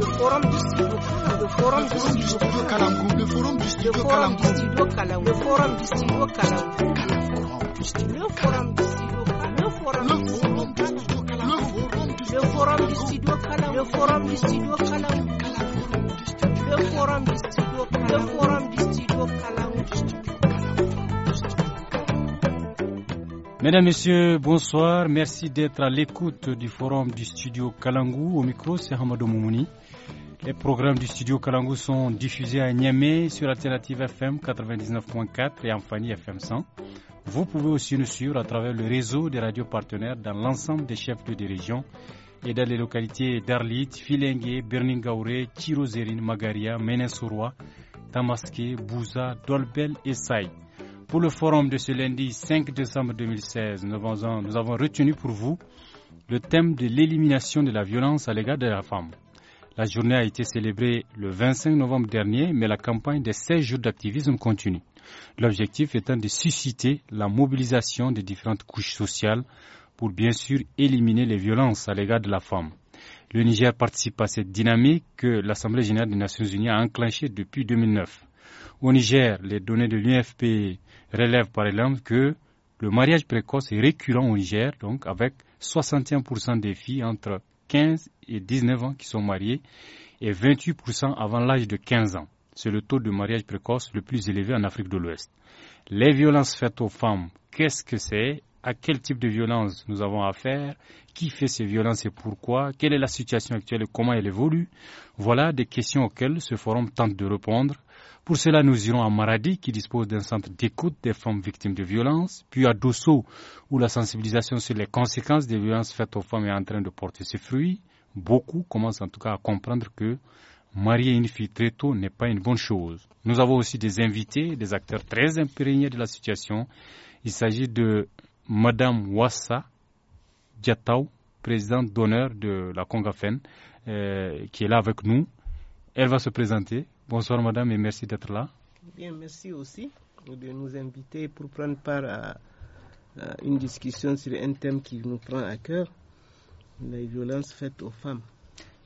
le forum du studio le forum du studio le forum du studio le forum du studio le forum du studio le forum du studio le forum du studio le forum du studio le forum du studio du studio Mesdames, Messieurs, bonsoir. Merci d'être à l'écoute du forum du studio Kalangou. Au micro, c'est Hamadou Moumouni. Les programmes du studio Kalangu sont diffusés à Niamey sur Alternative FM 99.4 et en Fanny FM 100. Vous pouvez aussi nous suivre à travers le réseau des radios partenaires dans l'ensemble des chefs de région et dans les localités d'Arlit, Filengue, Berningaouré, Tirozérine, Magaria, Ménensourois, Tamaské, Bouza, Dolbel et Saï. Pour le forum de ce lundi 5 décembre 2016, nous avons retenu pour vous le thème de l'élimination de la violence à l'égard de la femme. La journée a été célébrée le 25 novembre dernier, mais la campagne des 16 jours d'activisme continue. L'objectif étant de susciter la mobilisation des différentes couches sociales pour bien sûr éliminer les violences à l'égard de la femme. Le Niger participe à cette dynamique que l'Assemblée générale des Nations unies a enclenchée depuis 2009. Au Niger, les données de l'UFP relèvent par exemple que le mariage précoce est récurrent au Niger, donc avec 61% des filles entre 15 et 19 ans qui sont mariés et 28% avant l'âge de 15 ans. C'est le taux de mariage précoce le plus élevé en Afrique de l'Ouest. Les violences faites aux femmes, qu'est-ce que c'est À quel type de violence nous avons affaire Qui fait ces violences et pourquoi Quelle est la situation actuelle et comment elle évolue Voilà des questions auxquelles ce forum tente de répondre pour cela, nous irons à Maradi, qui dispose d'un centre d'écoute des femmes victimes de violences, puis à Dosso, où la sensibilisation sur les conséquences des violences faites aux femmes est en train de porter ses fruits. Beaucoup commencent en tout cas à comprendre que marier une fille très tôt n'est pas une bonne chose. Nous avons aussi des invités, des acteurs très imprégnés de la situation. Il s'agit de Madame Wassa Djatao, présidente d'honneur de la Congafen, euh, qui est là avec nous. Elle va se présenter. Bonsoir madame et merci d'être là. Bien, merci aussi de nous inviter pour prendre part à, une discussion sur un thème qui nous prend à cœur, les violences faites aux femmes.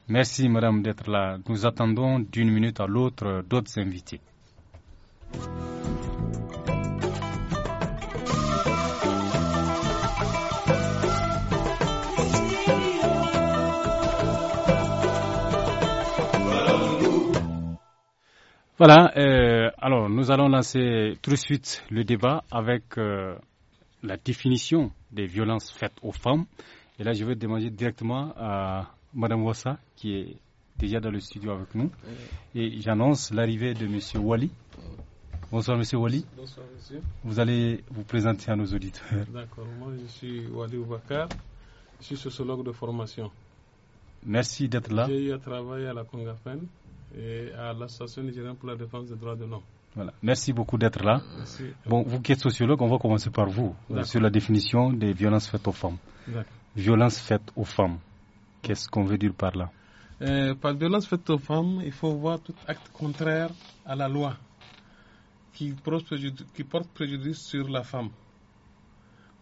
Merci madame d'être là. Nous attendons d'une minute à l'autre d'autres invités. Voilà, euh, alors nous allons lancer tout de suite le débat avec euh, la définition des violences faites aux femmes. Et là, je vais demander directement à Mme Wassa, qui est déjà dans le studio avec nous. Et j'annonce l'arrivée de M. Wali. Bonsoir M. Wali. Bonsoir Monsieur. Vous allez vous présenter à nos auditeurs. D'accord, moi je suis Wali Ouvakar, je suis sociologue de formation. Merci d'être là. J'ai eu à travailler à la et à l'Association nigérienne pour la défense des droits de l'homme. Voilà. Merci beaucoup d'être là. Bon, vous qui êtes sociologue, on va commencer par vous euh, sur la définition des violences faites aux femmes. Violences faites aux femmes, qu'est-ce qu'on veut dire par là euh, Par violence faite aux femmes, il faut voir tout acte contraire à la loi qui porte préjudice, qui porte préjudice sur la femme.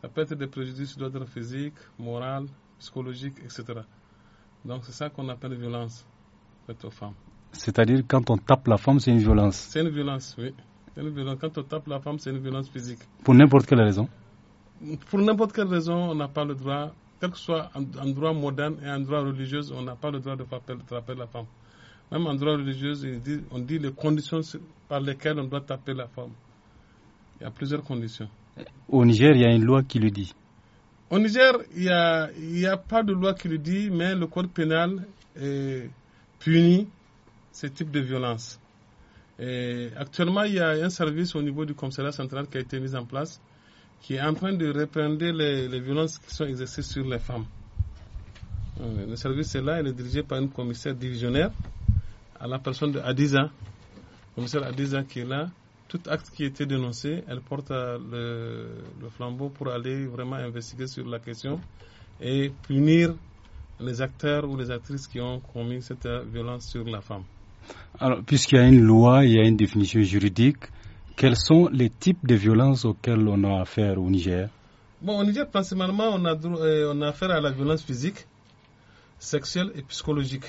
Ça peut être des préjudices d'ordre physique, moral, psychologique, etc. Donc c'est ça qu'on appelle violence faite aux femmes. C'est-à-dire quand on tape la femme, c'est une violence. C'est une violence, oui. Une violence. Quand on tape la femme, c'est une violence physique. Pour n'importe quelle raison Pour n'importe quelle raison, on n'a pas le droit, quel que soit un droit moderne et un droit religieux, on n'a pas le droit de frapper, la femme. Même en droit religieux, on dit les conditions par lesquelles on doit taper la femme. Il y a plusieurs conditions. Au Niger, il y a une loi qui le dit. Au Niger, il n'y a, a, pas de loi qui le dit, mais le code pénal est puni ce type de violence. Et actuellement, il y a un service au niveau du commissariat central qui a été mis en place qui est en train de reprendre les, violences qui sont exercées sur les femmes. Euh, le service est là, il est dirigé par une commissaire divisionnaire à la personne de Adiza, commissaire Adiza qui est là. Tout acte qui a été dénoncé, elle porte euh, le, le flambeau pour aller vraiment investiguer sur la question et punir les acteurs ou les actrices qui ont commis cette euh, violence sur la femme. Alors, puisqu'il y a une loi, il y a une définition juridique, quels sont les types de violences auxquelles on a affaire au Niger Bon, au Niger, principalement, euh, on a, affaire à la violence physique, sexuelle et psychologique.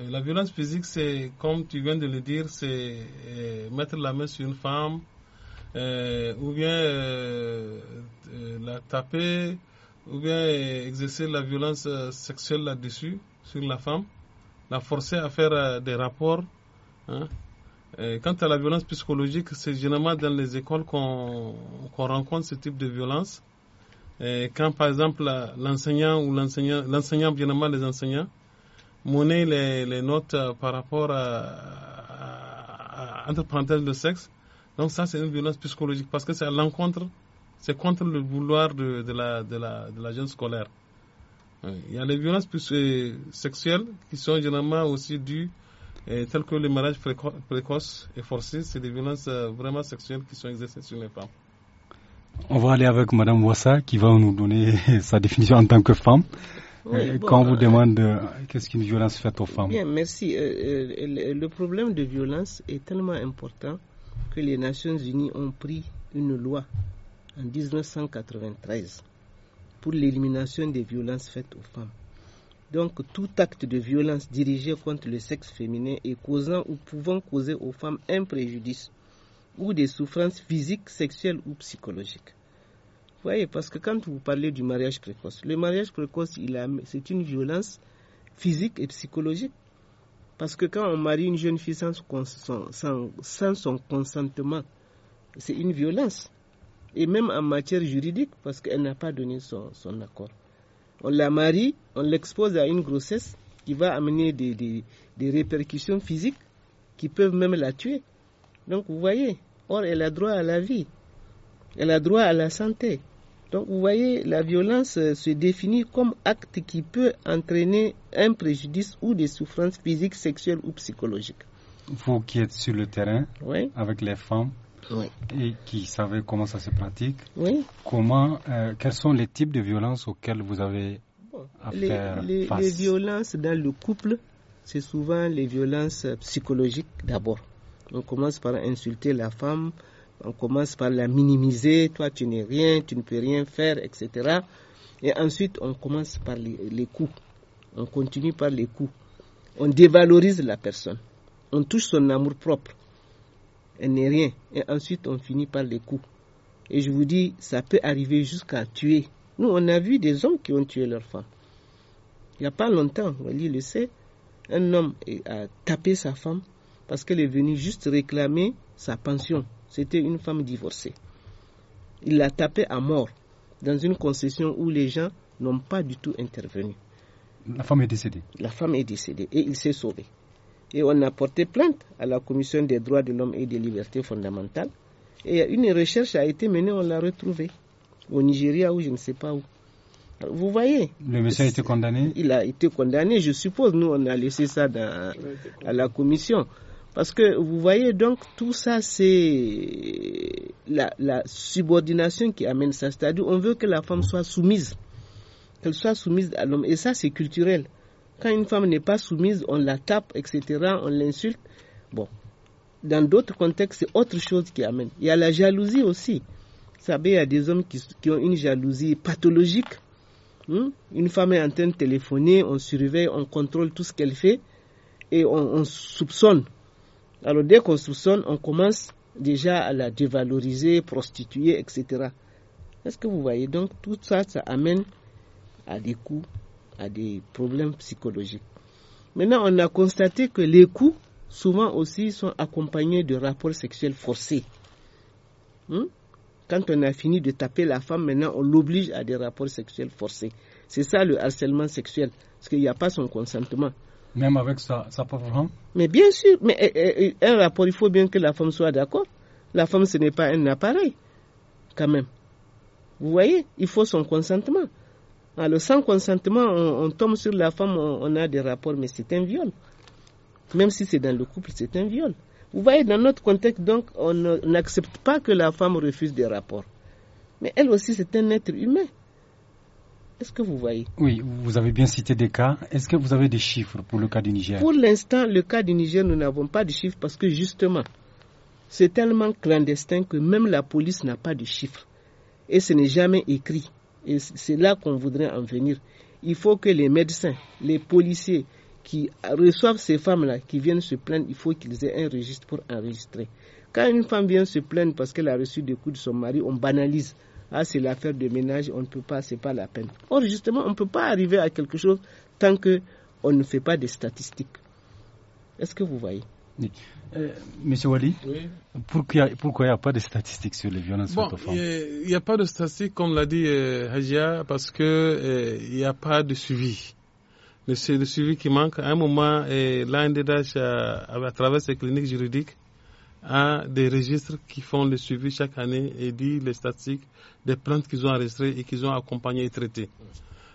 Euh, la violence physique, c'est, comme tu viens de le dire, c'est euh, mettre la main sur une femme, ou bien la taper, ou bien exercer la violence sexuelle là-dessus, sur la femme la forcer à faire euh, des rapports. Hein. quant à la violence psychologique, c'est généralement dans les écoles qu'on rencontre ce type de violence. Et quand par exemple l'enseignant ou l'enseignant, l'enseignant généralement les enseignants, monnaient les, notes euh, par rapport à, à, entre le sexe, donc ça c'est une violence psychologique parce que c'est à l'encontre, c'est contre le vouloir de, la, de, la, de la jeune scolaire. Il y a les violences euh, sexuelles qui sont généralement aussi dues, euh, telles que les mariage précoces et forcés, C'est des violences euh, vraiment sexuelles qui sont exercées sur les femmes. On va aller avec Mme Wassa qui va nous donner sa définition en tant que femme. Quand on vous demande qu'est-ce qu'une violence faite aux femmes. Bien, merci. le problème de violence est tellement important que les Nations Unies ont pris une loi en 1993 pour l'élimination des violences faites aux femmes. Donc tout acte de violence dirigé contre le sexe féminin et causant ou pouvant causer aux femmes un préjudice ou des souffrances physiques, sexuelles ou psychologiques. Vous voyez, parce que quand vous parlez du mariage précoce, le mariage précoce, c'est une violence physique et psychologique. Parce que quand on marie une jeune fille sans, sans son consentement, c'est une violence et même en matière juridique, parce qu'elle n'a pas donné son, accord. On la marie, on l'expose à une grossesse qui va amener des, répercussions physiques qui peuvent même la tuer. Donc vous voyez, or elle a droit à la vie, elle a droit à la santé. Donc vous voyez, la violence euh, se définit comme acte qui peut entraîner un préjudice ou des souffrances physiques, sexuelles ou psychologiques. Vous qui êtes sur le terrain avec les femmes, et qui savait comment ça se pratique. Oui. Comment, euh, quels sont les types de violences auxquelles vous avez à les, faire face Les violences dans le couple, c'est souvent les violences psychologiques d'abord. On commence par insulter la femme, on commence par la minimiser, toi tu n'es rien, tu ne peux rien faire, etc. Et ensuite, on commence par les coups. On continue par les coups. On dévalorise la personne. On touche son amour propre elle n'est rien. Et ensuite, on finit par les coups. Et je vous dis, ça peut arriver jusqu'à tuer. Nous, on a vu des hommes qui ont tué leur femme. Il n'y a pas longtemps, Wally le sait, un homme a tapé sa femme parce qu'elle est venue juste réclamer sa pension. C'était une femme divorcée. Il l'a tapée à mort dans une concession où les gens n'ont pas du tout intervenu. La femme est décédée. La femme est décédée et il s'est sauvé. Et on a porté plainte à la Commission des droits de l'homme et des libertés fondamentales. Et une recherche a été menée, on l'a retrouvée au Nigeria ou je ne sais pas où. vous voyez. Le monsieur a été condamné Il a été condamné, je suppose. Nous, on a laissé ça à la commission. Parce que vous voyez, donc, tout ça, c'est la, la, subordination qui amène ça. C'est-à-dire, on veut que la femme soit soumise. Qu'elle soit soumise à l'homme. Et ça, c'est culturel. Quand une femme n'est pas soumise, on la tape, etc., on l'insulte. Bon, dans d'autres contextes, c'est autre chose qui amène. Il y a la jalousie aussi. Vous savez, il y a des hommes qui, ont une jalousie pathologique. Hmm? Une femme est en train de téléphoner, on surveille, on contrôle tout ce qu'elle fait et on soupçonne. Alors dès qu'on soupçonne, on commence déjà à la dévaloriser, prostituer, etc. Est-ce que vous voyez Donc tout ça, ça amène à des coups à des problèmes psychologiques. Maintenant, on a constaté que les coups, souvent aussi, sont accompagnés de rapports sexuels forcés. Hmm? Quand on a fini de taper la femme, maintenant, on l'oblige à des rapports sexuels forcés. C'est ça le harcèlement sexuel, parce qu'il n'y a pas son consentement. Même avec sa, propre femme Mais bien sûr, mais eh, eh, eh, un rapport, il faut bien que la femme soit d'accord. La femme, ce n'est pas un appareil, quand même. Vous voyez, il faut son consentement. Alors, ah, sans consentement, on, tombe sur la femme, on, on a des rapports, mais c'est un viol. Même si c'est dans le couple, c'est un viol. Vous voyez, dans notre contexte, donc, on n'accepte pas que la femme refuse des rapports. Mais elle aussi, c'est un être humain. Est-ce que vous voyez Oui, vous avez bien cité des cas. Est-ce que vous avez des chiffres pour le cas du Niger Pour l'instant, le cas du Niger, nous n'avons pas de chiffres parce que justement, c'est tellement clandestin que même la police n'a pas de chiffres. Et ce n'est jamais écrit. Et c'est là qu'on voudrait en venir. Il faut que les médecins, les policiers qui reçoivent ces femmes-là, qui viennent se plaindre, il faut qu'ils aient un registre pour enregistrer. Quand une femme vient se plaindre parce qu'elle a reçu des coups de son mari, on banalise. Ah, c'est l'affaire de ménage, on ne peut pas, c'est pas la peine. Or, justement, on ne peut pas arriver à quelque chose tant qu'on ne fait pas des statistiques. Est-ce que vous voyez euh, Monsieur Wali, pourquoi il n'y a, pas de statistiques sur les violences faites aux femmes Il n'y a, pas de statistiques, comme l'a dit euh, Hajia, parce qu'il n'y euh, a pas de suivi. C'est le suivi qui manque. À un moment, l'ANDDH, à travers ses cliniques juridiques, a des registres qui font le suivi chaque année et dit les statistiques des plaintes qu'ils ont enregistrées et qu'ils ont accompagnées et traitées.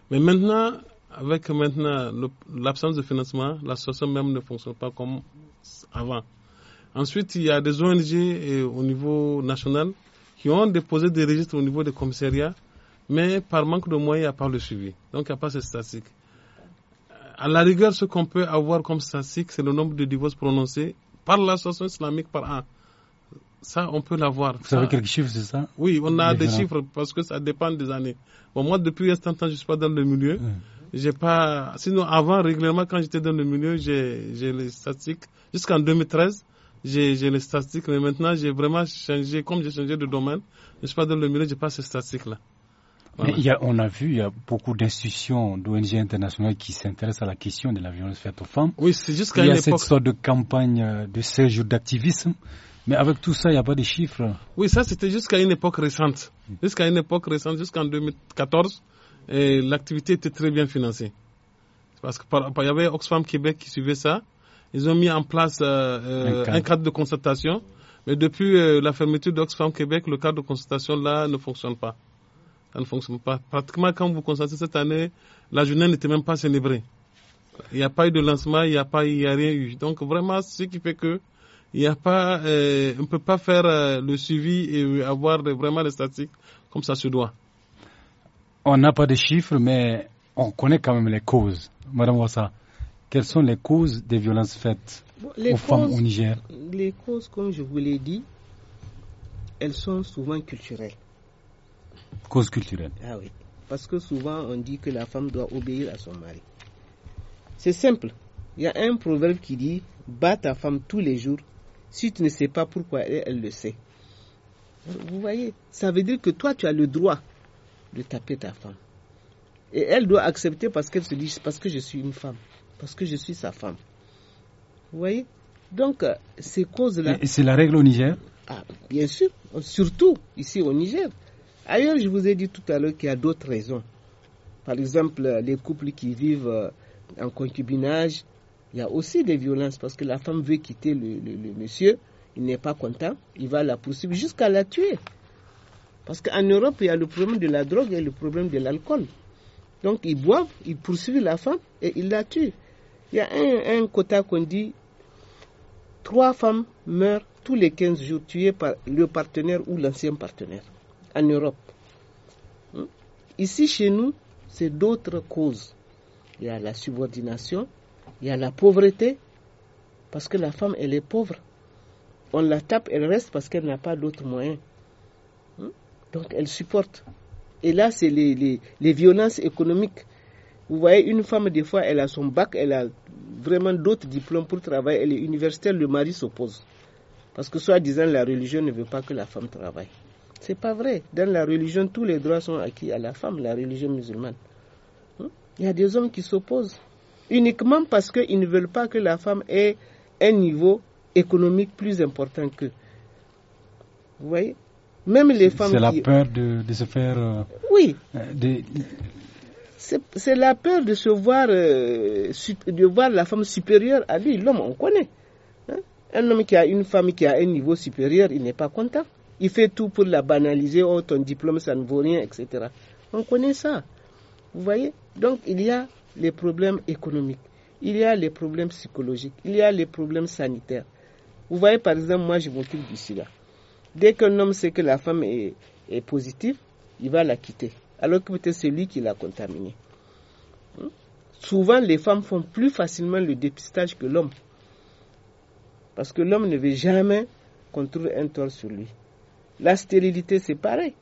Mais maintenant, avec maintenant l'absence de financement, l'association même ne fonctionne pas comme avant. Ensuite, il y a des ONG euh, au niveau national qui ont déposé des registres au niveau des commissariats, mais par manque de moyens, à n'y le suivi. Donc, il n'y a pas ces statistiques. À la rigueur, ce qu'on peut avoir comme statistique, c'est le nombre de divorces prononcés par l'association islamique par an. Ça, on peut l'avoir. Vous avez quelques chiffres, c'est ça Oui, on a des chiffres parce que ça dépend des années. moi, depuis un certain temps, je ne suis pas dans le milieu. J'ai pas. Sinon, avant, régulièrement, quand j'étais dans le milieu, j'ai les statistiques. Jusqu'en 2013, j'ai les statistiques, mais maintenant j'ai vraiment changé, comme j'ai changé de domaine, je suis pas dans le milieu, n'ai pas ces statistiques-là. il y a, on a vu, il y a beaucoup d'institutions, d'ONG internationales qui s'intéressent à la question de la violence faite aux femmes. Oui, c'est jusqu'à une époque. Il y a cette sorte de campagne euh, de séjour d'activisme. Mais avec tout ça, il n'y a pas de chiffres. Oui, ça c'était jusqu'à une époque récente. Jusqu'à une époque récente, jusqu'en 2014, l'activité était très bien financée. Parce qu'il y avait Oxfam Québec qui suivait ça. Ils ont mis en place euh, euh, un, cadre. de consultation, Mais depuis euh, la fermeture d'Oxfam Québec, le cadre de consultation là ne fonctionne pas. Ça ne fonctionne pas. Pratiquement, quand vous constatez cette année, la journée n'était même pas célébrée. Il n'y a pas eu de lancement, il n'y a pas, a rien eu. Donc vraiment, ce qui fait que il y a pas, on ne peut pas faire le suivi et avoir vraiment les statistiques comme ça se doit. On n'a pas de chiffres, mais on connaît quand même les causes. Madame Wassa, quelles sont les causes des violences faites aux femmes au Niger Les causes, comme je vous l'ai dit, elles sont souvent culturelles. Causes culturelles Ah oui. Parce que souvent, on dit que la femme doit obéir à son mari. C'est simple. Il y a un proverbe qui dit Bat ta femme tous les jours. Si tu ne sais pas pourquoi elle, elle le sait. Vous voyez Ça veut dire que toi, tu as le droit de taper ta femme. Et elle doit accepter parce qu'elle se dit Parce que je suis une femme parce que je suis sa femme. Vous voyez Donc, euh, ces causes-là. Et c'est la règle au Niger ah, Bien sûr, surtout ici au Niger. Ailleurs, je vous ai dit tout à l'heure qu'il y a d'autres raisons. Par exemple, euh, les couples qui vivent euh, en concubinage, il y a aussi des violences parce que la femme veut quitter le, monsieur, il n'est pas content, il va la poursuivre jusqu'à la tuer. Parce qu'en Europe, il y a le problème de la drogue et le problème de l'alcool. Donc ils boivent, ils poursuivent la femme et ils la tuent. Il y a un, quota qu'on dit trois femmes meurent tous les 15 jours tuées par le partenaire ou l'ancien partenaire en Europe. Hmm. Ici, chez nous, c'est d'autres causes. Il y a la subordination, il y a la pauvreté, parce que la femme, elle est pauvre. On la tape, elle reste parce qu'elle n'a pas d'autres moyens. Hmm. Donc, elle supporte. Et là, c'est les violences économiques vous voyez, une femme, des fois, elle a son bac, elle a vraiment d'autres diplômes pour travailler, elle est universitaire, le mari s'oppose. Parce que, soi-disant, la religion ne veut pas que la femme travaille. C'est pas vrai. Dans la religion, tous les droits sont acquis à la femme, la religion musulmane. Hein? Il y a des hommes qui s'opposent uniquement parce qu'ils ne veulent pas que la femme ait un niveau économique plus important qu'eux. Vous voyez Même les femmes. C'est la peur de, se faire. Euh, oui. Euh, c'est la peur de se voir, euh, de voir la femme supérieure à lui. L'homme, on connaît. Hein. Un homme qui a une femme qui a un niveau supérieur, il n'est pas content. Il fait tout pour la banaliser. Oh, ton diplôme, ça ne vaut rien, etc. On connaît ça. Vous voyez Donc, il y a les problèmes économiques, il y a les problèmes psychologiques, il y a les problèmes sanitaires. Vous voyez, par exemple, moi, je m'occupe du sida. Dès qu'un homme sait que la femme est positive, il va la quitter alors que peut-être c'est lui qui l'a contaminé. Hmm? Souvent, les femmes font plus facilement le dépistage que l'homme. Parce que l'homme ne veut jamais qu'on trouve un tort sur lui. La stérilité, c'est pareil.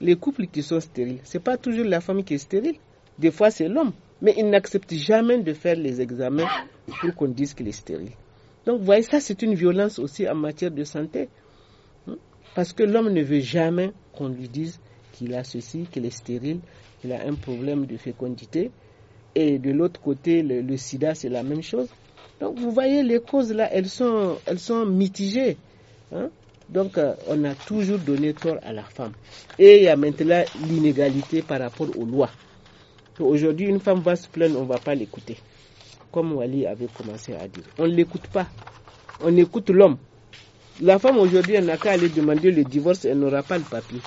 Les couples qui sont stériles, ce n'est pas toujours la femme qui est stérile. Des fois, c'est l'homme. Mais il n'accepte jamais de faire les examens pour qu'on dise qu'il est stérile. Donc, vous voyez, ça, c'est une violence aussi en matière de santé. Hmm? Parce que l'homme ne veut jamais qu'on lui dise qu'il a ceci, qu'il est stérile, qu'il a un problème de fécondité. Et de l'autre côté, le, sida, c'est la même chose. Donc vous voyez, les causes là, elles sont, elles sont mitigées. Hein. Donc euh, on a toujours donné tort à la femme. Et il y a maintenant l'inégalité par rapport aux lois. Aujourd'hui, une femme va se plaindre, on ne va pas l'écouter. Comme Wali avait commencé à dire. On ne l'écoute pas. On écoute l'homme. La femme aujourd'hui, elle n'a qu'à aller demander le divorce, elle n'aura pas le papier.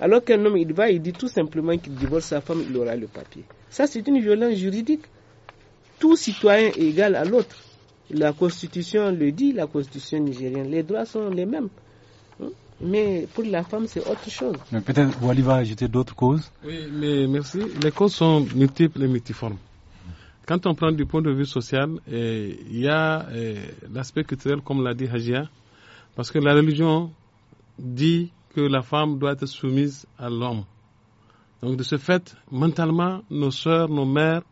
Alors qu'un homme, il va, il dit tout simplement qu'il divorce sa femme, il aura le papier. Ça, c'est une violence juridique. Tout citoyen est égal à l'autre. La Constitution le dit, la Constitution nigérienne. Les droits sont les mêmes. Hein? Mais pour la femme, c'est autre chose. Mais peut-être Wali va ajouter d'autres causes. Oui, mais merci. Les causes sont multiples et multiformes. Quand on prend du point de vue social, eh, il y a eh, l'aspect culturel, comme l'a dit Hajia, parce que la religion dit que la femme doit être soumise à l'homme. Donc de ce fait, mentalement, nos sœurs, nos mères,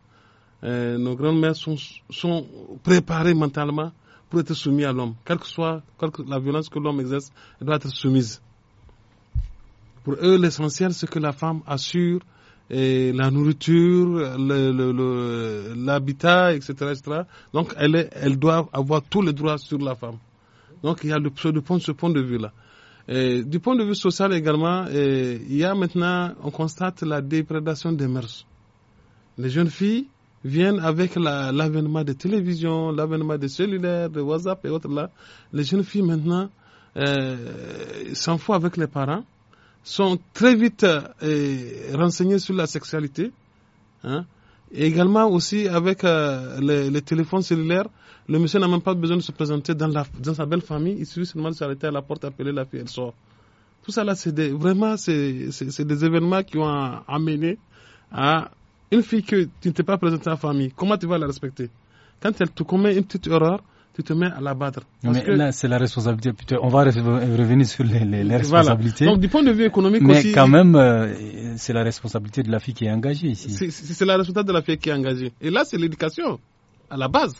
euh, nos grandes-mères sont, préparées mentalement pour être soumises à l'homme. Quelle que soit la violence que l'homme exerce, elle doit être soumise. Pour eux, l'essentiel, c'est que la femme assure la nourriture, l'habitat, etc., Donc, elle, doit avoir tous les droits sur la femme. Donc, il y a le, ce point de vue-là du point de vue social également, il y a maintenant, on constate la déprédation des mœurs. Les jeunes filles viennent avec l'avènement la, des télévisions, l'avènement des cellulaires, de WhatsApp et autres là. Les jeunes filles maintenant euh, s'en foutent avec les parents, sont très vite euh, renseignées sur la sexualité. Hein, et également aussi avec euh, les, téléphones cellulaires, le monsieur n'a même pas besoin de se présenter dans, sa belle famille, il suffit seulement de s'arrêter à la porte, appeler la fille, elle sort. Tout ça là, c'est vraiment c'est des événements qui ont amené à une fille que tu ne t'es pas présentée à la famille. Comment tu vas la respecter Quand elle te commet une petite erreur, tu te mets à l'abattre. Mais là, c'est la responsabilité. On va revenir sur les, responsabilités. Donc, du point de vue économique Mais quand même, euh, c'est la responsabilité de la fille qui est engagée ici. C'est la responsabilité de la fille qui est engagée. Et là, c'est l'éducation, à la base.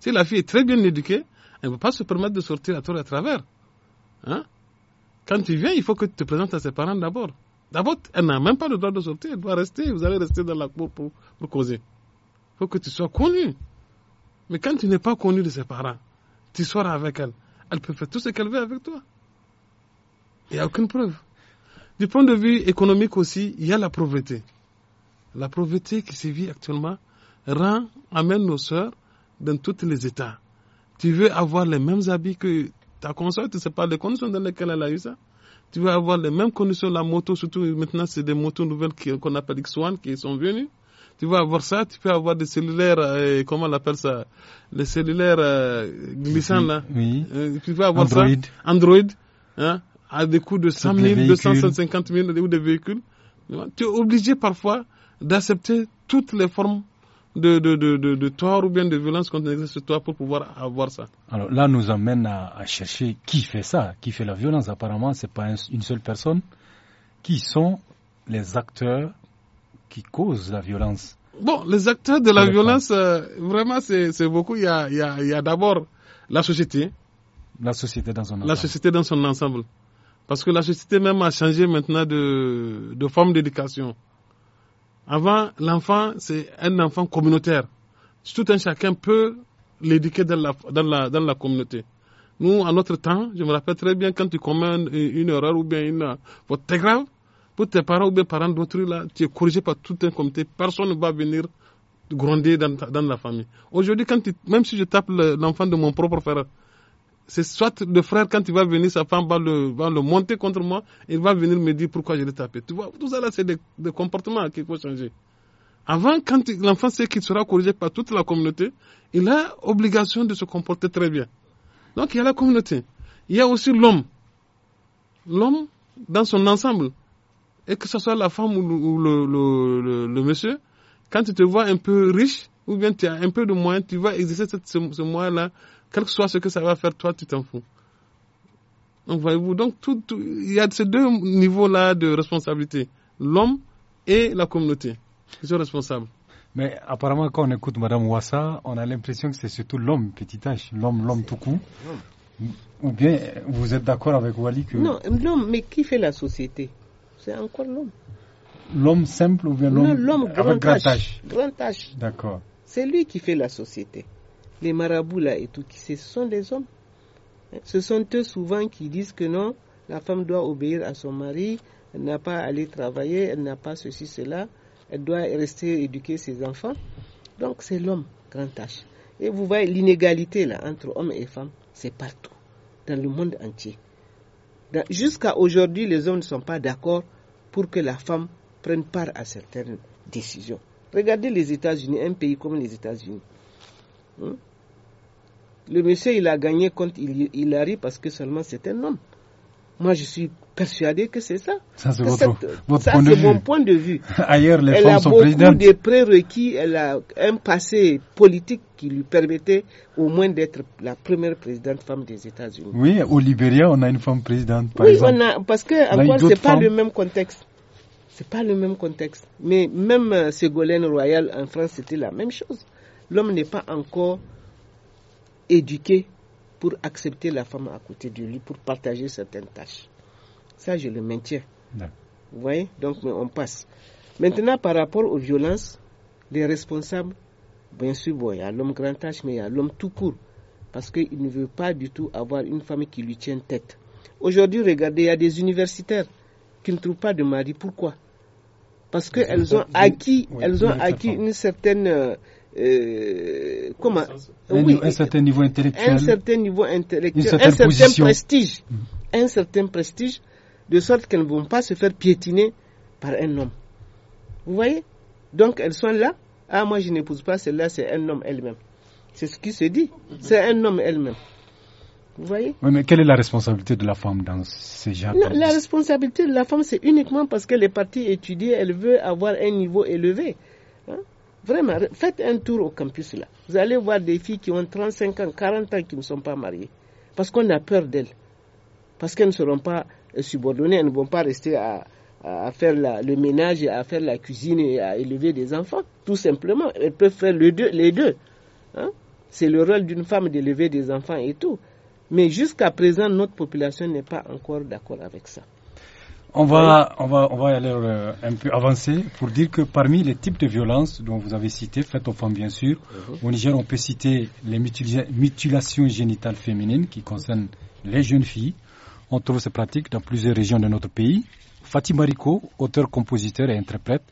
Si la fille est très bien éduquée, elle ne peut pas se permettre de sortir à tour à travers. Hein? Quand tu viens, il faut que tu te présentes à ses parents d'abord. D'abord, elle n'a même pas le droit de sortir. Elle doit rester. Vous allez rester dans la cour pour, pour causer. Il faut que tu sois connu. Mais quand tu n'es pas connu de ses parents, tu sors avec elle, elle peut faire tout ce qu'elle veut avec toi. Il n'y a aucune preuve. Du point de vue économique aussi, il y a la pauvreté. La pauvreté qui se vit actuellement rend, amène nos soeurs dans tous les États. Tu veux avoir les mêmes habits que ta console, tu ne sais pas les conditions dans lesquelles elle a eu ça. Tu veux avoir les mêmes conditions, la moto, surtout maintenant c'est des motos nouvelles qu'on appelle X1 qui sont venues. Tu vas avoir ça, tu peux avoir des cellulaires, euh, comment on appelle ça Les cellulaires euh, glissants, là. Oui. Euh, tu peux avoir Android. ça. Android. Hein, à des coûts de 100 000, 250 000 ou des véhicules. Tu es obligé parfois d'accepter toutes les formes de, de, de, de, de tort ou bien de violence qu'on exerce sur toi pour pouvoir avoir ça. Alors là, nous amène à, chercher qui fait ça, qui fait la violence. Apparemment, ce n'est pas une seule personne. Qui sont les acteurs qui cause la violence Bon, les acteurs de la violence, euh, vraiment, c'est beaucoup. Il y a, d'abord la société. La société dans son ensemble. La société dans son ensemble. Parce que la société même a changé maintenant de, de forme d'éducation. Avant, l'enfant, c'est un enfant communautaire. Tout un chacun peut l'éduquer dans la, dans, la, dans la communauté. Nous, à notre temps, je me rappelle très bien quand tu commets une, erreur ou bien une faute très grave, pour tes parents ou des parents d'autrui, là, tu es corrigé par tout un comité. Personne ne va venir gronder dans, la famille. Aujourd'hui, même si je tape l'enfant de mon propre frère, c'est soit le frère, quand il va venir, sa femme va le, monter contre moi, il va venir me dire pourquoi je l'ai tapé. tout ça c'est des, comportements qu'il faut changer. Avant, quand l'enfant sait qu'il sera corrigé par toute la communauté, il a obligation de se comporter très bien. Donc, il y a la communauté. Il y a aussi l'homme. L'homme, dans son ensemble, et que ce soit la femme ou, le, monsieur, quand tu te vois un peu riche ou bien tu as un peu de moyens, tu vas exercer ce, moyen-là, quel que soit ce que ça va faire, toi, tu t'en fous. Donc, voyez-vous, donc tout, il y a ces deux niveaux-là de responsabilité, l'homme et la communauté qui sont responsables. Mais apparemment, quand on écoute Madame Ouassa, on a l'impression que c'est surtout l'homme, petit h, l'homme, l'homme tout court. Ou bien vous êtes d'accord avec Wali que. Non, l'homme, mais qui fait la société c'est encore l'homme. L'homme simple ou bien l'homme l'homme grand, grand H. D'accord. C'est lui qui fait la société. Les marabouts là et tout, ce sont des hommes. Hein, ce sont eux souvent qui disent que non, la femme doit obéir à son mari, elle n'a pas à aller travailler, elle n'a pas ceci, cela, elle doit rester éduquer ses enfants. Donc c'est l'homme, grand tâche. Et vous voyez l'inégalité là entre hommes et femmes, c'est partout, dans le monde entier. Jusqu'à aujourd'hui, les hommes ne sont pas d'accord pour que la femme prenne part à certaines décisions. Regardez les États-Unis, un pays comme les États-Unis. Hein? Le monsieur, il a gagné contre arrive parce que seulement c'est un homme. Moi, je suis persuadé que c'est ça. Ça, c'est mon point de vue. Ailleurs, les femmes sont présidentes. Elle a beaucoup de prérequis, elle a un passé politique qui lui permettait au moins d'être la première présidente femme des États-Unis. Oui, au Libéria, on a une femme présidente, par oui, exemple. On a, parce que, ce c'est pas le même contexte. C'est pas le même contexte. Mais même euh, Ségolène Royal en France, c'était la même chose. L'homme n'est pas encore éduqué pour accepter la femme à côté de lui, pour partager certaines tâches. Ça, je le maintiens. Vous voyez Donc, on passe. Maintenant, par rapport aux violences, les responsables, bien sûr, il y a l'homme grand tâche mais il y a l'homme tout court. Parce qu'il ne veut pas du tout avoir une femme qui lui tient tête. Aujourd'hui, regardez, il y a des universitaires qui ne trouvent pas de mari. Pourquoi Parce qu'elles ont acquis, elles ont acquis une certaine euh, euh, comment ah un, certain niveau intellectuel, un certain niveau intellectuel, un certain prestige, mm. un certain prestige, de sorte qu'elles ne vont pas se faire piétiner par un homme. Vous voyez Donc elles sont là. Ah moi je n'épouse pas celle-là, c'est un homme elle-même. C'est ce qui se dit. C'est un homme elle-même. Vous voyez mais quelle est la responsabilité de la femme dans ces gens? La responsabilité de la femme, c'est uniquement parce qu'elle est partie étudier elle veut avoir un niveau élevé. Vraiment, faites un tour au campus là. Vous allez voir des filles qui ont 35 ans, 40 ans qui ne sont pas mariées. Parce qu'on a peur d'elles. Parce qu'elles ne seront pas euh, subordonnées, elles ne vont pas rester à, faire le ménage, à faire la cuisine et à élever des enfants. Tout simplement, elles peuvent faire les deux. Les deux hein. C'est le rôle d'une femme d'élever des enfants et tout. Mais jusqu'à présent, notre population n'est pas encore d'accord avec ça. On va, on va, on va aller euh, un peu avancer pour dire que parmi les types de violences dont vous avez cité, faites aux femmes bien sûr, uh-huh. au Niger on peut citer les mutilations génitales féminines qui concernent les jeunes filles. On trouve ces pratiques dans plusieurs régions de notre pays. Fatima Rico, auteur, compositeur et interprète,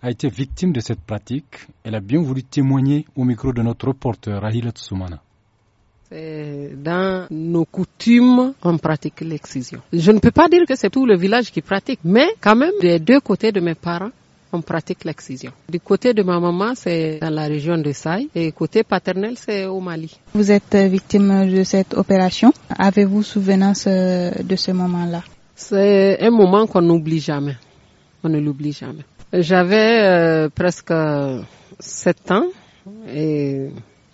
a été victime de cette pratique. Elle a bien voulu témoigner au micro de notre reporter Rahil Soumana. Dans nos coutumes, on pratique l'excision. Je ne peux pas dire que c'est tout le village qui pratique, mais quand même, des deux côtés de mes parents, on pratique l'excision. Du côté de ma maman, c'est dans la région de Saï et côté paternel, c'est au Mali. Vous êtes victime de cette opération. Avez-vous souvenance euh, de ce moment-là C'est un moment qu'on n'oublie jamais. On ne l'oublie jamais. J'avais euh, presque sept ans et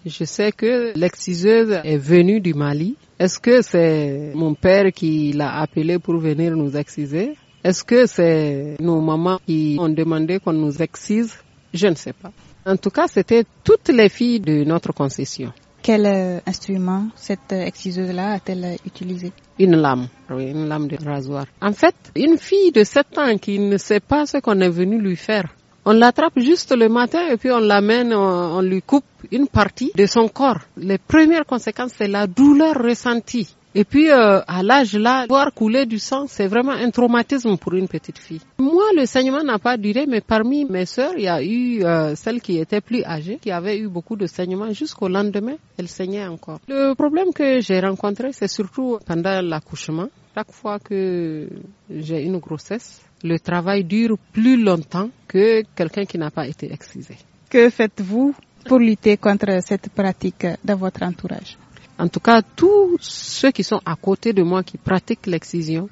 je sais que l'exciseuse est venue du Mali. Est-ce que c'est mon père qui l'a appelé pour venir nous exciser Est-ce que c'est nos mamans qui ont demandé qu'on nous excise Je ne sais pas. En tout cas, c'était toutes les filles de notre concession. Quel euh, instrument cette euh, exciseuse-là a-t-elle euh, utilisé Une lame, oui, une lame de rasoir. En fait, une fille de 7 ans qui ne sait pas ce qu'on est venu lui faire, on l'attrape juste le matin et puis on l'amène, on, lui coupe une partie de son corps. Les premières conséquences, c'est la douleur ressentie. Et puis euh, à l'âge là, voir couler du sang, c'est vraiment un traumatisme pour une petite fille. Moi, le saignement n'a pas duré, mais parmi mes sœurs, il y a eu euh, celle qui était plus âgée, qui avait eu beaucoup de saignements jusqu'au lendemain, elle saignait encore. Le problème que j'ai rencontré, c'est surtout pendant l'accouchement. Chaque fois que j'ai une grossesse, le travail dure plus longtemps que quelqu'un qui n'a pas été excisé. Que faites-vous pour lutter contre cette pratique dans votre entourage En tout cas, tous ceux qui sont à côté de moi qui pratiquent l'excision,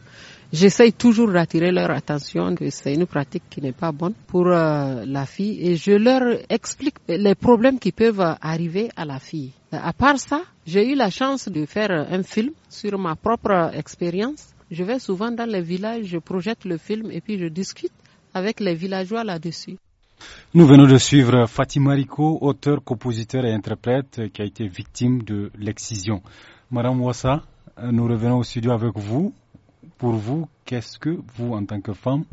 J'essaye toujours d'attirer leur attention que c'est une pratique qui n'est pas bonne pour euh, la fille et je leur explique les problèmes qui peuvent arriver à la fille. À part ça, j'ai eu la chance de faire un film sur ma propre expérience je vais souvent dans les villages, je projette le film et puis je discute avec les villageois là-dessus. Nous venons de suivre Fatima Rico, auteur, compositeur et interprète euh, qui a été victime de l'excision. Madame Wassa, euh, nous revenons au studio avec vous. Pour vous, qu'est-ce que vous, en tant que femme,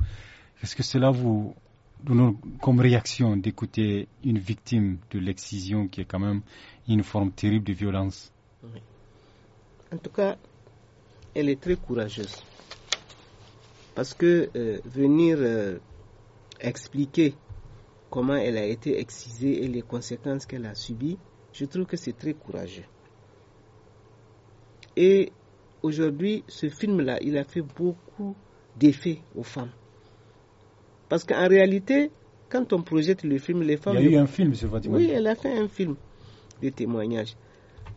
est-ce que cela vous donne comme réaction d'écouter une victime de l'excision qui est quand même une forme terrible de violence En tout cas, elle est très courageuse. Parce que euh, venir euh, expliquer comment elle a été excisée et les conséquences qu'elle a subies, je trouve que c'est très courageux. Et aujourd'hui, ce film-là, il a fait beaucoup d'effets aux femmes. Parce qu'en réalité, quand on projette le film, les femmes. Il y a eu un film sur Fatima. Oui, elle a fait un film de témoignage.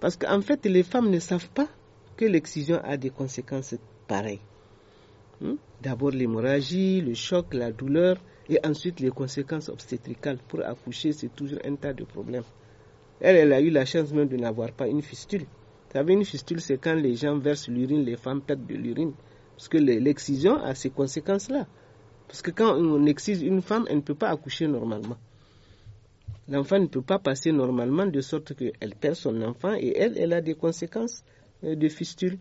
Parce qu'en fait, les femmes ne savent pas que l'excision a des conséquences pareilles. Hmm? D'abord l'hémorragie, le choc, la douleur, et ensuite les conséquences obstétricales. Pour accoucher, c'est toujours un tas de problèmes. Elle, elle a eu la chance même de n'avoir pas une fistule. Vous savez, une fistule, c'est quand les gens versent l'urine, les femmes perdent de l'urine. Parce que l'excision a ces conséquences-là. Parce que quand on excise une femme, elle ne peut pas accoucher normalement. L'enfant ne peut pas passer normalement de sorte qu'elle perd son enfant et elle, elle a des conséquences. Euh, de fistules.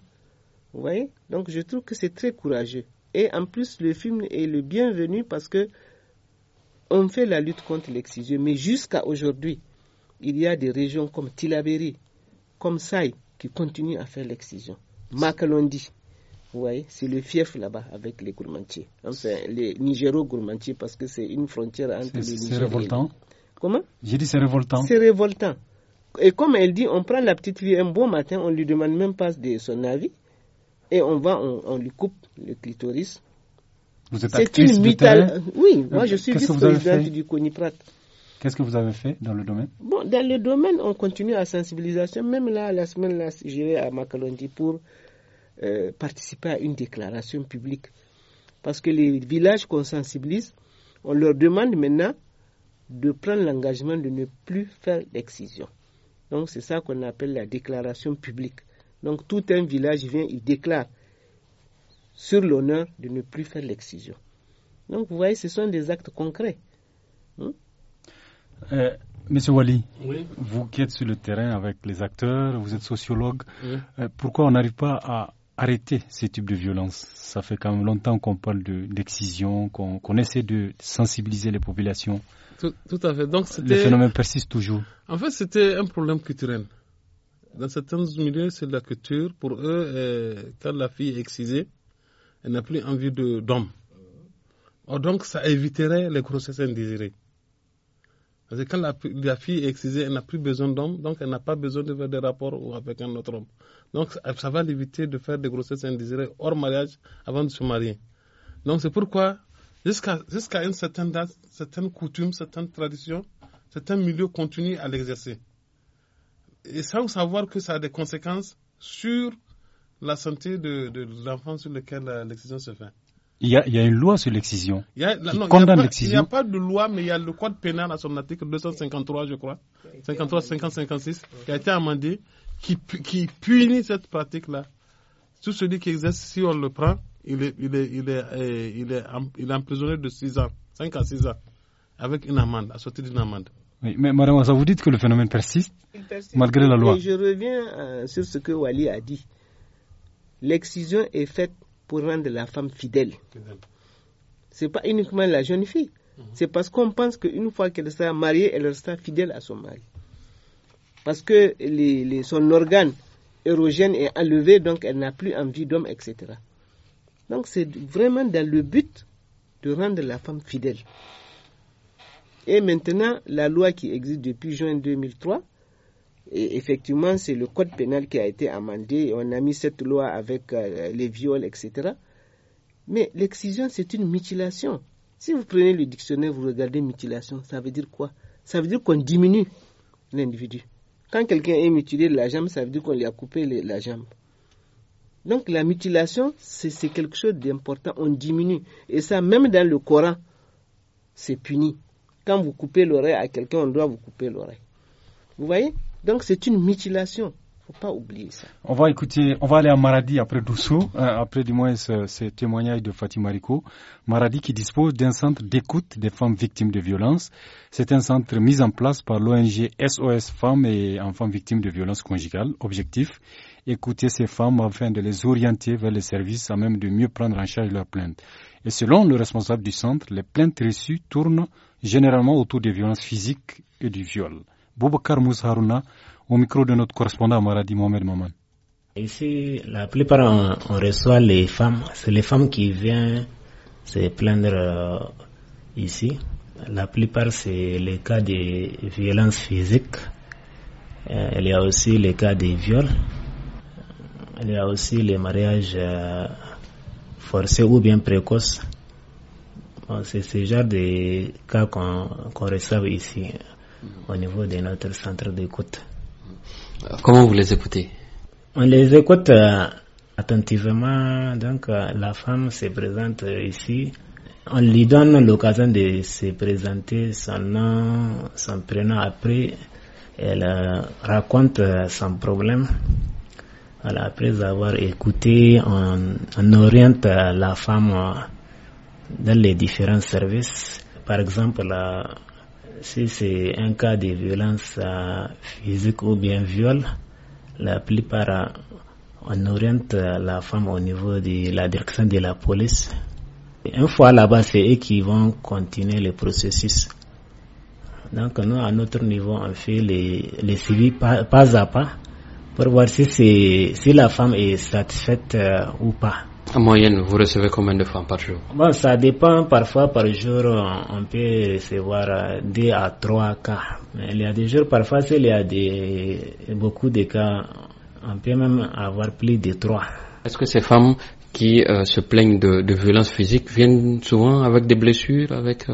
Vous voyez Donc je trouve que c'est très courageux. Et en plus, le film est le bienvenu parce que on fait la lutte contre l'excision. Mais jusqu'à aujourd'hui, il y a des régions comme Tilaberi, comme Saï, qui continuent à faire l'excision. Makalondi, vous voyez, c'est le fief là-bas avec les gourmandiers. Enfin, les nigéro-gourmandiers parce que c'est une frontière entre les C'est révoltant. Comment J'ai dit c'est révoltant. C'est révoltant. Et comme elle dit, on prend la petite fille un bon matin, on lui demande même pas de son avis, et on va, on, lui coupe le clitoris. Vous êtes une Oui, euh, moi je suis vice-présidente du CONIPRAT. Qu'est-ce que vous avez fait dans le domaine Bon, dans le domaine, on continue à sensibilisation. Même là, la semaine là, j'irai à Makalondi pour euh, participer à une déclaration publique. Parce que les villages qu'on sensibilise, on leur demande maintenant de prendre l'engagement de ne plus faire d'excision. Donc c'est ça qu'on appelle la déclaration publique. Donc tout un village vient, il déclare sur l'honneur de ne plus faire l'excision. Donc vous voyez, ce sont des actes concrets. Hein. Euh, Monsieur Wali, vous qui êtes sur le terrain avec les acteurs, vous êtes sociologue, euh, pourquoi on n'arrive pas à arrêter ces types de violence Ça fait quand même longtemps qu'on parle d'excision, qu'on essaie de sensibiliser les populations. Tout, à fait. Donc, le phénomène persiste toujours. En fait, c'était un problème culturel. Dans certains milieux, c'est la culture. Pour eux, eh, quand la fille est excisée, elle n'a plus envie d'homme. Oh, donc, ça éviterait les grossesses indésirées. Parce que quand la, la, fille est excisée, elle n'a plus besoin d'homme, donc elle n'a pas besoin de faire des rapports avec un autre homme. Donc ça va l'éviter de faire des grossesses indésirées hors mariage avant de se marier. Donc c'est pourquoi jusqu'à une certaine date, certaines coutumes, certaines traditions, certains milieux continuent à l'exercer. Et sans savoir que ça a des conséquences sur la santé de, de l'enfant sur lequel euh, l'excision se fait. Il y, a, il y, a, une loi sur l'excision. Il n'y a, pas de loi, mais il y a le code pénal à son article 253, je crois, 53, 50, 56, qui a été amendé, qui, qui punit cette pratique-là. Tout celui qui exerce, si on le prend, il est, il il eh, il il est emprisonné de 6 ans, 5 à 6 ans, avec une amende, assortie d'une amende. mais madame, vous dites que le phénomène persiste, malgré la loi. je reviens euh, sur ce que Wali a dit. L'excision est faite pour rendre la femme fidèle. Ce n'est pas uniquement la jeune fille. Mhm. C'est parce qu'on pense qu'une fois qu'elle sera mariée, elle restera fidèle à son mari. Parce que son organe érogène est enlevé, donc elle n'a plus envie d'homme, etc. Donc c'est vraiment dans le but de rendre la femme fidèle. Et maintenant, la loi qui existe depuis juin 2003, et effectivement, c'est le code pénal qui a été amendé. on a mis cette loi avec euh, les viols, etc. Mais l'excision, c'est une mutilation. Si vous prenez le dictionnaire, vous regardez mutilation, ça veut dire quoi Ça veut dire qu'on diminue l'individu. Quand quelqu'un est mutilé de la jambe, ça veut dire qu'on lui a coupé la jambe. Donc la mutilation, c'est quelque chose d'important, on diminue. Et ça, même dans le Coran, c'est puni. Quand vous coupez l'oreille à quelqu'un, on doit vous couper l'oreille. Vous voyez Donc c'est une mutilation faut pas oublier ça. On va écouter, on va aller à Maradi après Doussou, euh, après du moins ce, témoignage de Fatima Rico. Maradi qui dispose d'un centre d'écoute des femmes victimes de violence. C'est un centre mis en place par l'ONG SOS Femmes et Enfants Victimes de Violences Conjugales. Objectif, écouter ces femmes afin de les orienter vers les services à même de mieux prendre en charge leurs plaintes. Et selon le responsable du centre, les plaintes reçues tournent généralement autour des violences physiques et du viol. Boubacar Mousharouna, au micro de notre correspondant Maradi Mohamed Maman. Ici, la plupart, on, reçoit les femmes. C'est les femmes qui viennent se plaindre euh, ici. La plupart, c'est les cas de violences physiques. Euh, il y a aussi les cas de viols. Il y a aussi les mariages euh, forcés ou bien précoces. c'est ce genre de cas qu'on reçoit ici, au niveau de notre centre d'écoute. Comment vous les écoutez On les écoute euh, attentivement. Donc, euh, la femme se présente ici. On lui donne l'occasion de se présenter son nom, son prénom. Après, elle raconte son problème après avoir écouté, on, oriente la femme dans les différents services. Par exemple, si c'est un cas de violence euh, physique ou bien viol, la plupart, euh, on oriente la femme au niveau de la direction de la police. une fois là-bas, c'est eux qui vont continuer le processus. Donc nous, à notre niveau, on fait les, les suivis pas à pas pour voir si, si la femme est satisfaite euh, ou pas. En moyenne, vous recevez combien de femmes par jour Bon, ça dépend. Parfois, par jour, on peut recevoir 2 euh, à 3 cas. Mais il y a des jours, parfois, il y a des, beaucoup de cas, on peut même avoir plus de 3. Est-ce que ces femmes qui euh, se plaignent de, de violences physiques viennent souvent avec des blessures, avec...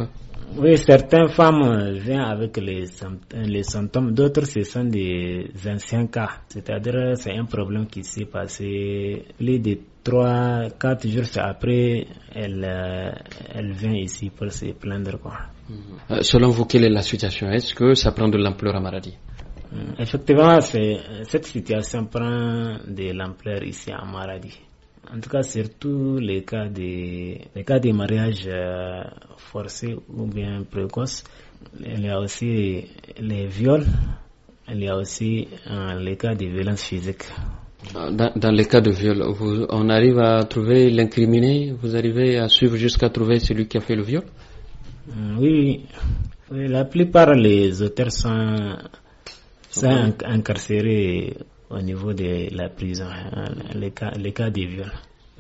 Oui, certaines femmes euh, viennent avec euh, les, symptômes, d'autres ce sont des anciens cas. C'est-à-dire, euh, c'est un problème qui s'est passé plus de 3, 4 jours après, elle, elle vient ici pour se plaindre. selon vous, quelle est la situation Est-ce que ça prend de l'ampleur à Maradi Effectivement, cette situation prend de l'ampleur ici à Maradi en tout cas surtout les cas de, les cas de mariage euh, forcé ou bien précoce. Il y a aussi les viols, il y a aussi euh, les cas de violence physique. Ah, dans, les cas de viol, on arrive à trouver l'incriminé, vous arrivez à suivre jusqu'à trouver celui qui a fait le viol euh, Oui, la plupart des auteurs sont, sont incarcérés au niveau de la prison, euh, les cas, les cas des viols.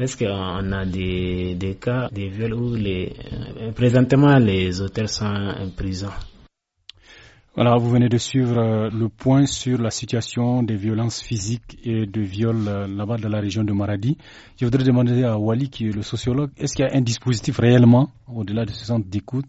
ce qu'on a des, cas de viols où les, euh, présentement les auteurs sont en prison. Voilà, vous venez de suivre euh, le point sur la situation des violences physiques et de viols là-bas dans la région de Maradi. Je voudrais demander à Wali, qui est le sociologue, est-ce qu'il y a un dispositif réellement, au-delà de ce centre d'écoute,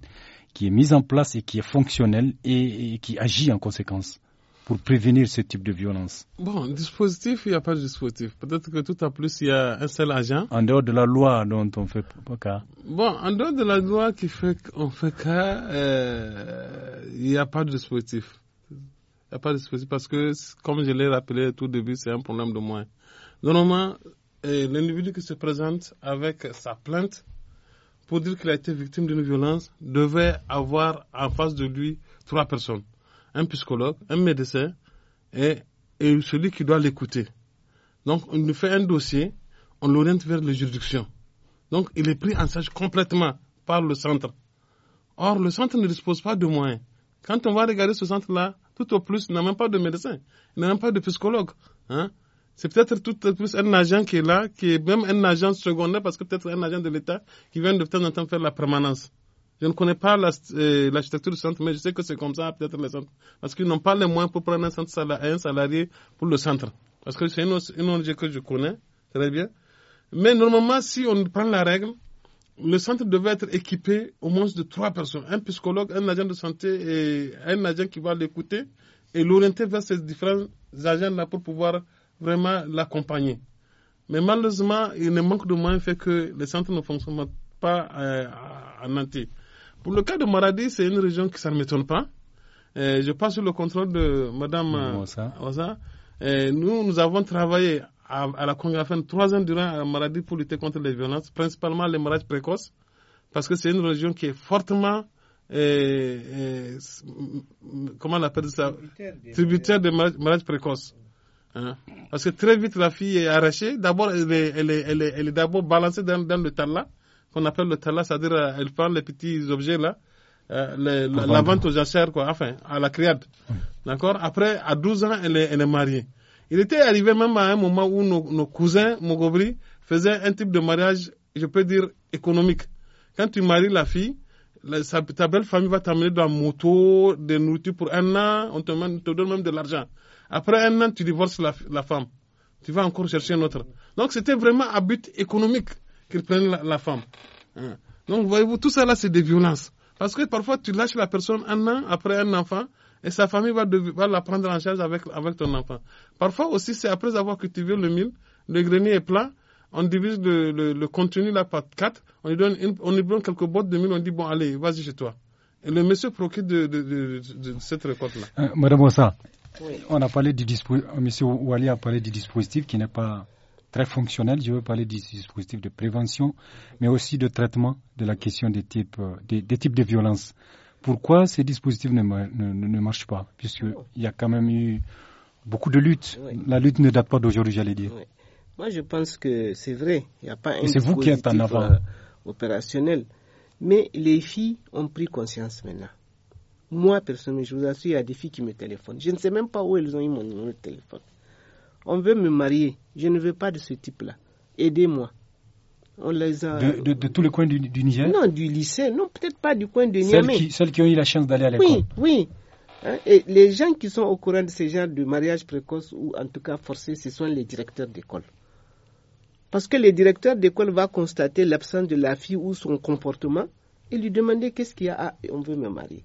qui est mis en place et qui est fonctionnel et qui agit en conséquence pour prévenir ce type de violence Bon, dispositif, il n'y a pas de dispositif. Peut-être que tout à plus, il y a un seul agent. En dehors de la loi dont on fait pas cas Bon, en dehors de la loi qui fait qu'on fait cas, euh, il n'y a pas de dispositif. Il n'y a pas de dispositif parce que, comme je l'ai rappelé tout début, c'est un problème de moins. Normalement, euh, l'individu qui se présente avec sa plainte pour dire qu'il a été victime d'une violence devait avoir en face de lui trois personnes un psychologue, un médecin et, et celui qui doit l'écouter. Donc, on lui fait un dossier, on l'oriente vers les juridictions. Donc, il est pris en charge complètement par le centre. Or, le centre ne dispose pas de moyens. Quand on va regarder ce centre-là, tout au plus, il n'a même pas de médecin, il n'a même pas de psychologue. Hein? C'est peut-être tout au plus un agent qui est là, qui est même un agent secondaire, parce que peut-être un agent de l'État qui vient de temps en temps faire la permanence. Je ne connais pas euh, l'architecture du centre, mais je sais que c'est comme ça, peut-être les Parce qu'ils n'ont pas les moyens pour prendre un, salarié, un salarié pour le centre. Parce que c'est une, ONG que je connais très bien. Mais normalement, si on prend la règle, le centre devait être équipé au moins de trois personnes un psychologue, un agent de santé et un agent qui va l'écouter et l'orienter vers ces différents agents-là pour pouvoir vraiment l'accompagner. Mais malheureusement, il ne manque de moyens fait que le centre ne fonctionne pas euh, en entier. Pour le cas de Maradi, c'est une région qui ça ne m'étonne pas. Euh, je passe sur le contrôle de Madame euh, euh, nous, nous avons travaillé à, la congrégation trois ans durant à Maradi pour lutter contre les violences, principalement les mariages précoces, parce que c'est une région qui est fortement et, comment on appelle ça tributaire des, tributaire mariages, précoces. Hein. Parce que très vite, la fille est arrachée. D'abord, elle est, elle d'abord balancée dans, dans le tas là qu'on appelle le talas, c'est-à-dire euh, elle prend les petits objets là, euh, la, vente aux enchères, quoi, enfin, à la criade. D'accord Après, à 12 ans, elle est, mariée. Il était arrivé même à un moment où nos, cousins Mogobri faisaient un type de mariage, je peux dire, économique. Quand tu maries la fille, sa, ta belle famille va t'amener dans la moto, des nourritures pour un an, on te, donne même de l'argent. Après un an, tu divorces la, femme. Tu vas encore chercher une autre. Donc c'était vraiment à but économique qu'ils prennent la, femme. Hein. Donc, voyez-vous, tout ça là, c'est des violences. Parce que parfois, tu lâches la personne un an après un enfant et sa famille va, la prendre en charge avec, ton enfant. Parfois aussi, c'est après avoir cultivé le mil, le grenier est plat, on divise le, contenu là par quatre, on lui donne, on lui quelques bottes de mil, on dit bon, allez, vas-y chez toi. Et le monsieur procure de, cette récolte-là. Euh, Madame oui. on a parlé du dispositif, euh, Monsieur Ouali a parlé du dispositif qui n'est pas très fonctionnel. Je veux parler du dispositif de prévention, mais aussi de traitement de la question des types, euh, des, types de violences. Pourquoi ces dispositifs ne, marchent pas Puisqu'il y a quand même eu beaucoup de luttes. La lutte ne date pas d'aujourd'hui, j'allais dire. Moi, je pense que c'est vrai. Il n'y a pas un dispositif vous euh, opérationnel. Mais les filles ont pris conscience maintenant. Moi, personnellement, je vous assure, il y a des filles qui me téléphonent. Je ne sais même pas où elles ont eu mon numéro de téléphone on veut me marier, je ne veux pas de ce type-là. Aidez-moi. On les a... de, tous les coins du, Niger Non, du lycée, non, peut-être pas du coin de Niamey. Celles, qui, ont eu la chance d'aller à l'école. Oui, oui. Hein, et les gens qui sont au courant de ce genre de mariage précoce ou en tout cas forcé, ce sont les directeurs d'école. Parce que le directeur d'école va constater l'absence de la fille ou son comportement et lui demander qu'est-ce qu'il y a, à on veut me marier.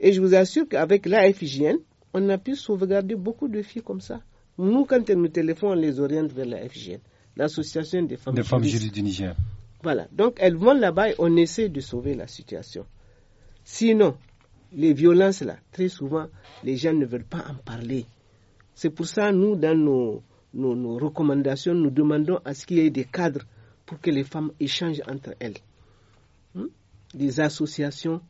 Et je vous assure qu'avec la on a pu sauvegarder beaucoup de filles comme ça. Nous, quand elles nous téléphonent, on les oriente vers la FGN, l'Association des femmes, des du Niger. Voilà. Donc, elles vont là-bas et on essaie de sauver la situation. Sinon, les violences, là, très souvent, les gens ne veulent pas en parler. C'est pour ça, nous, dans nos, nos, recommandations, nous demandons à ce qu'il y ait des cadres pour que les femmes échangent entre elles. Hmm? Des associations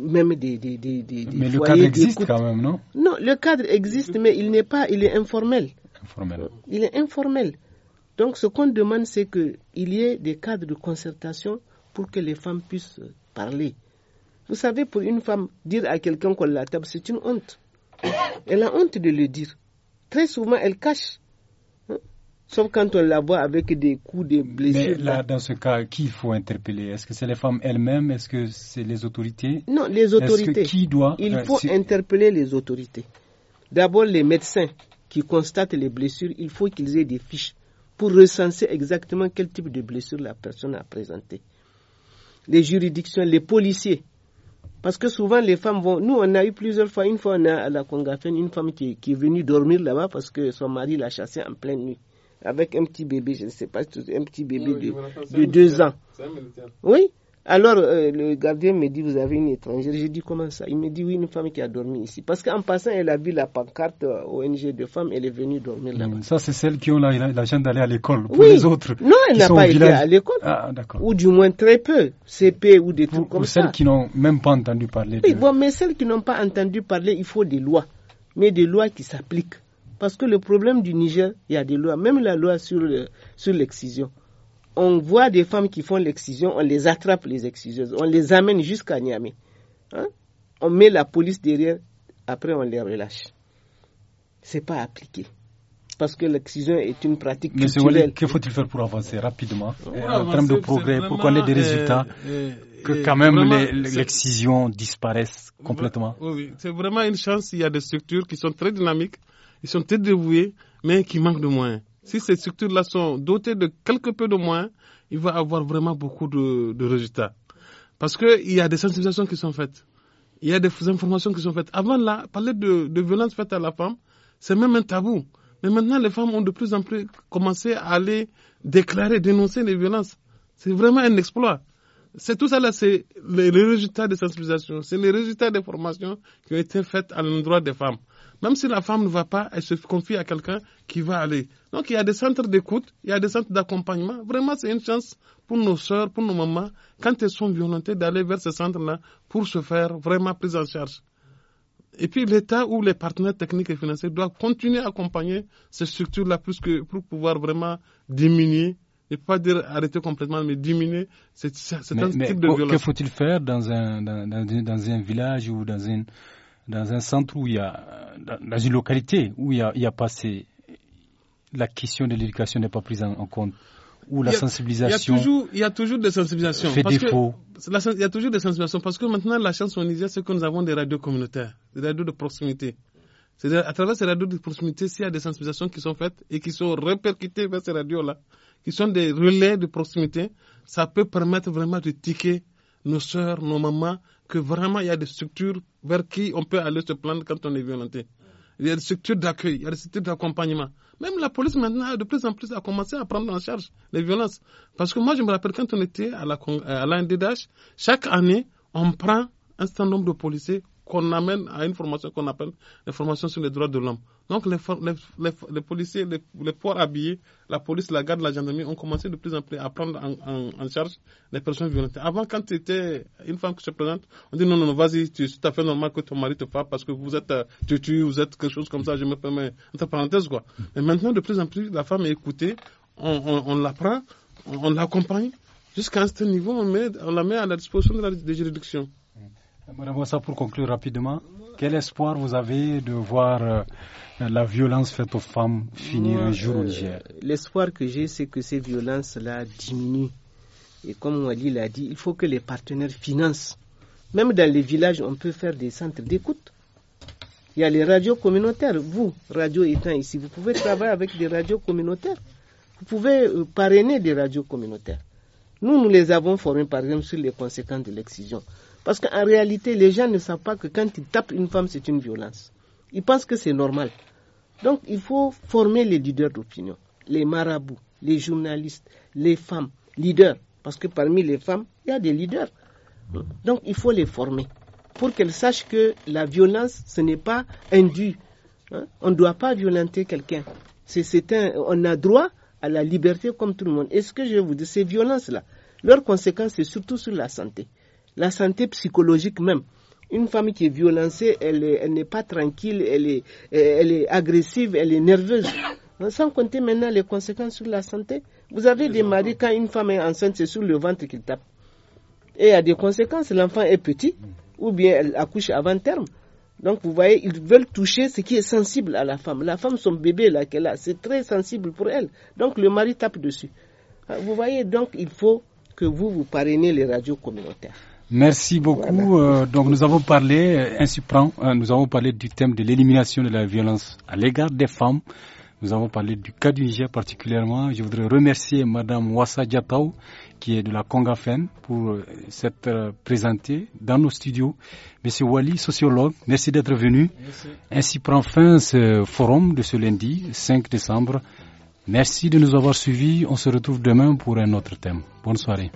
même des, des, des, des Mais le cadre existe quand même, non Non, le cadre existe, mais il n'est pas, il est informel. informel. Il est informel. Donc ce qu'on demande, c'est qu'il y ait des cadres de concertation pour que les femmes puissent parler. Vous savez, pour une femme, dire à quelqu'un qu'on la table, c'est une honte. Elle a honte de le dire. Très souvent, elle cache. Sauf quand on la voit avec des coups, de blessures. Mais là, dans ce cas, qui faut interpeller Est-ce que c'est les femmes elles-mêmes Est-ce que c'est les autorités Non, les autorités. Que, qui doit Il euh, faut interpeller les autorités. D'abord, les médecins qui constatent les blessures, il faut qu'ils aient des fiches pour recenser exactement quel type de blessure la personne a présenté. Les juridictions, les policiers. Parce que souvent, les femmes vont. Nous, on a eu plusieurs fois. Une fois, on a à la Congafen une femme qui, qui est venue dormir là-bas parce que son mari l'a chassée en pleine nuit avec un petit bébé, je ne sais pas, un petit bébé de, deux ans. Oui. Alors, euh, le gardien me dit, vous avez une étrangère. J'ai dit, comment ça Il me dit, oui, une femme qui a dormi ici. Parce qu'en passant, elle a vu la pancarte euh, ONG de femmes, elle est venue dormir là-bas. Hmm, ça, c'est celle qui ont la, d'aller à l'école. oui. les autres. Non, elle n'a pas été à l'école. Ah, ou du moins très peu. CP ou des trucs comme ça. Pour celles qui n'ont même pas entendu parler. Oui, mais celles qui n'ont pas entendu parler, il faut des lois. Mais des lois qui s'appliquent. Parce que le problème du Niger, il y a des lois, même la loi euh, sur l'excision. on voit des femmes qui font l'excision, on les attrape, les exciseuses, on les amène jusqu'à Niamey. Hein? On met la police derrière, après on les relâche. C'est pas appliqué parce que l'excision est une pratique Mais qu'est-ce que faut-il faire pour avancer rapidement euh, en termes de progrès, pour qu'on ait des euh, résultats, que quand même l'excision disparaisse complètement Oui, c'est vraiment une chance. Il y a des structures qui sont très dynamiques ils sont très dévoués, mais qui manquent de moyens. Si ces structures-là sont dotées de quelque peu de moyens, il va avoir vraiment beaucoup de, résultats. Parce qu'il y a des sensibilisations qui sont faites. Il y a des informations qui sont faites. Avant, là, parler de, de violence faite à la femme, c'est même un tabou. Mais maintenant, les femmes ont de plus en plus commencé à aller déclarer, dénoncer les violences. C'est vraiment un exploit. C'est tout ça là, c'est les, les résultats des sensibilisations, c'est les résultats des formations qui ont été faites à l'endroit des femmes. Même si la femme ne va pas, elle se confie à quelqu'un qui va aller. Donc il y a des centres d'écoute, il y a des centres d'accompagnement. Vraiment, c'est une chance pour nos sœurs, pour nos mamans, quand elles sont violentées, d'aller vers ces centres-là pour se faire vraiment prise en charge. Et puis l'État ou les partenaires techniques et financiers doivent continuer à accompagner ces structures-là plus que pour pouvoir vraiment diminuer et pas dire arrêter complètement, mais diminuer cet, mais, type de violence. Que faut-il faire dans un, dans, dans, un village ou dans une, dans un centre où il y a, dans une localité où il y a, il a pas la question de l'éducation n'est pas prise en, compte ou la sensibilisation. Il y, a toujours, il y a toujours des sensibilisations. Fait parce défaut. Que, il y a toujours des sensibilisations parce que maintenant, la chance au Niger, c'est que nous avons des radios communautaires, des radios de proximité. C'est-à-dire, à travers ces radios de proximité, s'il y a des sensibilisations qui sont faites et qui sont répercutées vers ces radios-là, qui sont des relais de proximité, ça peut permettre vraiment de ticker nos soeurs, nos mamans, que vraiment il y a des structures vers qui on peut aller se plaindre quand on est violenté. Il y a des structures d'accueil, il y a des structures d'accompagnement. Même la police maintenant, de plus en plus, a commencé à prendre en charge les violences. Parce que moi, je me rappelle quand on était à la, euh, à la chaque année, on prend un certain nombre de policiers qu'on amène à une formation qu'on appelle la formation sur les droits de l'homme. Donc les, les, policiers, les, poids habillés, la police, la garde, la gendarmerie ont commencé de plus en plus à prendre en, charge les personnes violentes. Avant, quand tu étais une femme qui se présente, on dit non, non, non, vas-y, c'est tout à fait normal que ton mari te fasse parce que vous êtes, euh, tu vous êtes quelque chose comme ça, je me permets, entre parenthèses, quoi. Mais maintenant, de plus en plus, la femme est écoutée, on, l'apprend, on, l'accompagne, jusqu'à un certain niveau, on, met, on la met à la disposition de la, des Madame Wassa, pour conclure rapidement, quel espoir vous avez de voir euh, la violence faite aux femmes finir un jour au euh, Niger L'espoir que j'ai, c'est que ces violences-là diminuent. Et comme Wali l'a dit, il faut que les partenaires financent. Même dans les villages, on peut faire des centres d'écoute. Il y a les radios communautaires. Vous, radio étant ici, vous pouvez travailler avec des radios communautaires. Vous pouvez euh, parrainer des radios communautaires. Nous, nous les avons formés, par exemple, sur les conséquences de l'excision. Parce qu'en réalité, les gens ne savent pas que quand ils tapent une femme, c'est une violence. Ils pensent que c'est normal. Donc, il faut former les leaders d'opinion, les marabouts, les journalistes, les femmes, leaders. Parce que parmi les femmes, il y a des leaders. Mmh. Donc, il faut les former pour qu'elles sachent que la violence, ce n'est pas indu. Hein? On ne doit pas violenter quelqu'un. C'est, on a droit à la liberté comme tout le monde. Et ce que je vous dis, ces violences-là, leurs conséquences, c'est surtout sur la santé la santé psychologique même. Une femme qui est violencée, elle, elle n'est pas tranquille, elle est, elle est agressive, elle est nerveuse. Sans compter maintenant les conséquences sur la santé. Vous avez des maris, quand une femme est enceinte, c'est sur le ventre qu'il tape. Et il y a des conséquences. L'enfant est petit, mm. ou bien elle accouche avant terme. Donc, vous voyez, ils veulent toucher ce qui est sensible à la femme. La femme, son bébé là qu'elle a, c'est très sensible pour elle. Donc, le mari tape dessus. Ah, vous voyez, donc, il faut que vous, vous parrainez les radios communautaires. Merci beaucoup. Euh, donc nous avons parlé, euh, ainsi prend, euh, nous avons parlé du thème de l'élimination de la violence à l'égard des femmes. Nous avons parlé du cas du Niger particulièrement. Je voudrais remercier Madame Wassa Diataou, qui est de la Congafen pour s'être présentée dans nos studios. Monsieur Wali, sociologue, merci d'être venu. Ainsi prend fin ce forum de ce lundi 5 décembre. Merci de nous avoir suivis. On se retrouve demain pour un autre thème. Bonne soirée.